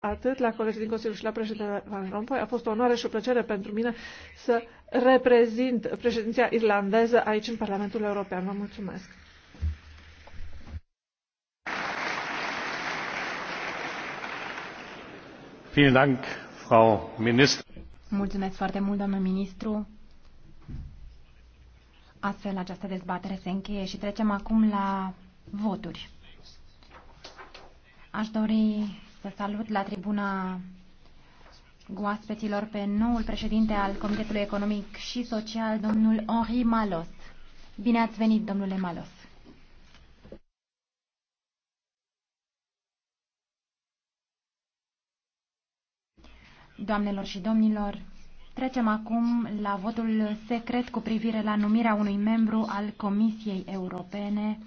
atât la colegii din Consiliu și la președintele Van Rompuy. A fost o onoare și o plăcere pentru mine să reprezint președinția irlandeză aici în Parlamentul European. Vă mulțumesc! Mulțumesc foarte mult, doamnă ministru. Astfel, această dezbatere se încheie și trecem acum la voturi. Aș dori să salut la tribuna goaspeților pe noul președinte al Comitetului Economic și Social, domnul Henri Malos. Bine ați venit, domnule Malos! Doamnelor și domnilor, trecem acum la votul secret cu privire la numirea unui membru al Comisiei Europene